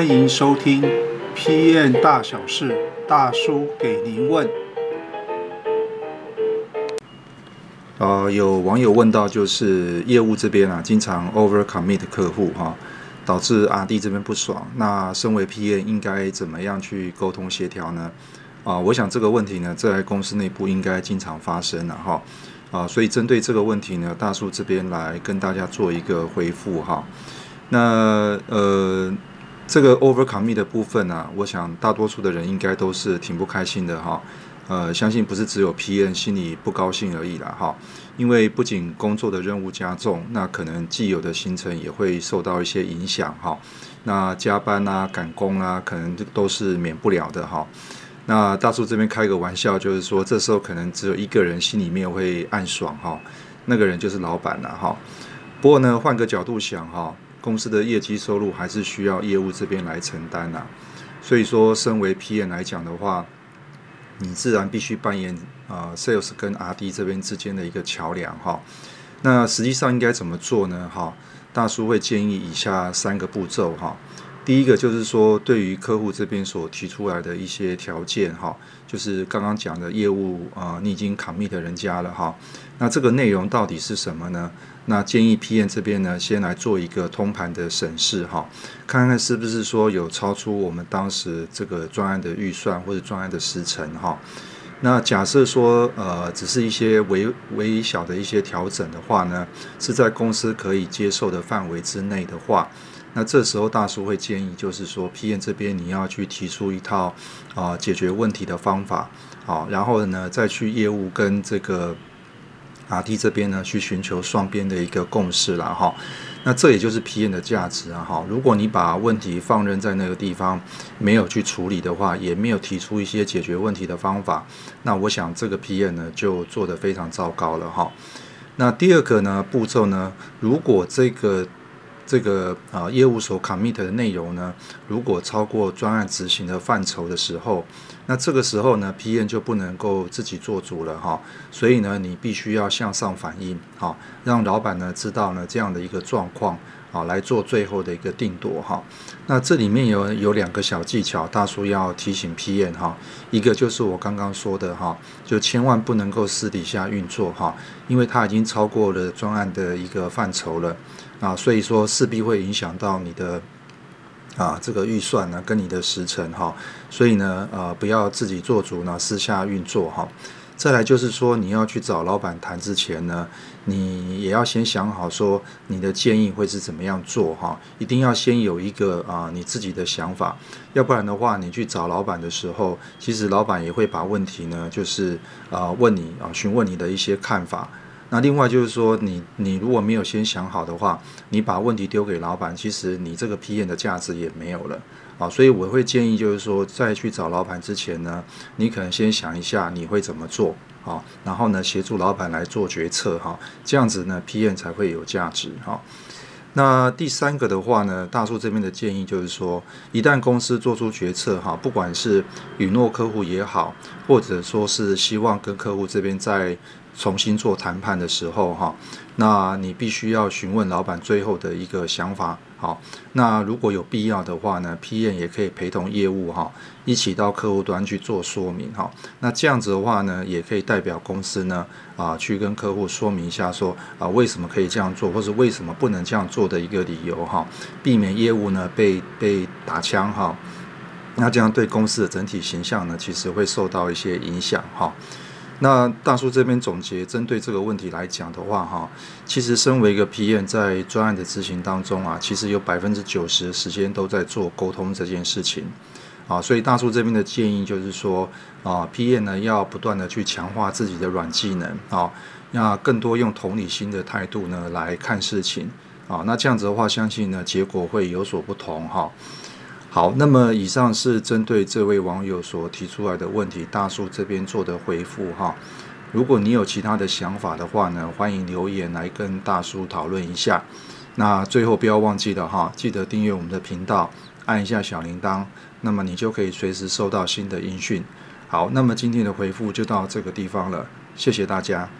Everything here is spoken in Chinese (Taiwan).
歡迎收聽 PM 大小事，大叔給您問。呃，有網友問到，就是業務這邊啊，經常 over commit 客戶哈，導致 RD 這邊不爽。那身為 PM 應該怎麼樣去溝通協調呢？啊、呃，我想這個問題呢，在公司內部應該經常發生了哈。啊、呃，所以針對這個問題呢，大叔這邊來跟大家做一個回覆哈。那呃。這個 overcommit 的部分呢、啊，我想大多數的人應該都是挺不開心的哈，呃，相信不是只有 PM 心裡不高興而已啦。哈，因為不僅工作的任務加重，那可能既有的行程也會受到一些影響哈，那加班啊、趕工啊，可能都是免不了的哈。那大叔這邊開個玩笑，就是說這時候可能只有一個人心裡面會暗爽哈，那個人就是老闆了哈。不過呢，換個角度想哈。公司的業績收入還是需要業務這邊來承擔吶，所以說，身為 PM 來講的話，你自然必須扮演啊，Sales 跟 RD 這邊之間的一個橋樑哈。那實際上應該怎麼做呢？哈，大叔會建議以下三個步驟哈。第一個就是說，對於客戶這邊所提出來的一些條件，哈，就是剛剛講的業務啊、呃，你已經 commit 人家了，哈，那這個內容到底是什麼呢？那建議 PM 這邊呢，先來做一個通盤的審視，哈，看看是不是說有超出我們當時這個專案的預算或者專案的時程，哈。那假設說，呃，只是一些微微小的一些調整的話呢，是在公司可以接受的範圍之內的話。那這時候，大叔會建議，就是說 p 燕這邊你要去提出一套啊、呃、解決問題的方法，好，然後呢，再去業務跟這個阿 t 這邊呢，去尋求雙邊的一個共識了哈。那這也就是 p 燕的價值啊哈。如果你把問題放任在那個地方，沒有去處理的話，也沒有提出一些解決問題的方法，那我想這個 p 燕呢就做得非常糟糕了哈。那第二個呢步驟呢，如果這個。這個啊業務所 commit 的內容呢，如果超過專案執行的範疇的時候，那這個時候呢，PM 就不能夠自己做主了哈。所以呢，你必須要向上反映哈，讓老板呢知道呢這樣的一個狀況啊，來做最後的一個定奪哈。那這裡面有有兩個小技巧，大叔要提醒 PM 哈。一個就是我剛剛說的哈，就千萬不能夠私底下運作哈，因為它已經超過了專案的一個範疇了。啊，所以說勢必會影響到你的啊這個預算呢，跟你的時程。哈。所以呢，呃，不要自己做主呢，私下運作哈。再來就是說，你要去找老板談之前呢，你也要先想好說你的建議會是怎麼樣做哈。一定要先有一個啊、呃、你自己的想法，要不然的話，你去找老板的時候，其實老板也會把問題呢，就是啊、呃、問你啊詢問你的一些看法。那另外就是說你，你你如果沒有先想好的話，你把問題丟給老板，其實你這個 PM 的價值也沒有了啊。所以我會建議就是說，在去找老板之前呢，你可能先想一下你會怎麼做啊，然後呢協助老板來做決策哈，這樣子呢 PM 才會有價值哈。那第三個的話呢，大叔這邊的建議就是說，一旦公司做出決策哈，不管是允諾客戶也好，或者說是希望跟客戶這邊在重新做談判的時候，哈，那你必須要詢問老闆最後的一個想法，好，那如果有必要的話呢，PE 也可以陪同業務，哈，一起到客戶端去做說明，哈，那這樣子的話呢，也可以代表公司呢，啊，去跟客戶說明一下，說啊，為什麼可以這樣做，或者為什麼不能這樣做的一個理由，哈，避免業務呢被被打槍，哈，那這樣對公司的整體形象呢，其實會受到一些影響，哈。那大叔這邊總結，針對這個問題來講的話，哈，其實身為一個 PM，在專案的執行當中啊，其實有百分之九十的時間都在做溝通這件事情，啊，所以大叔這邊的建議就是說，啊，PM 呢要不斷的去強化自己的軟技能，啊，那更多用同理心的態度呢來看事情，啊，那這樣子的話，相信呢結果會有所不同，哈。好，那麼以上是針對這位網友所提出來的問題，大叔這邊做的回復哈。如果你有其他的想法的話呢，歡迎留言來跟大叔討論一下。那最後不要忘記了哈，記得訂閱我們的頻道，按一下小鈴鐺，那麼你就可以隨時收到新的音訊。好，那麼今天的回復就到這個地方了，謝謝大家。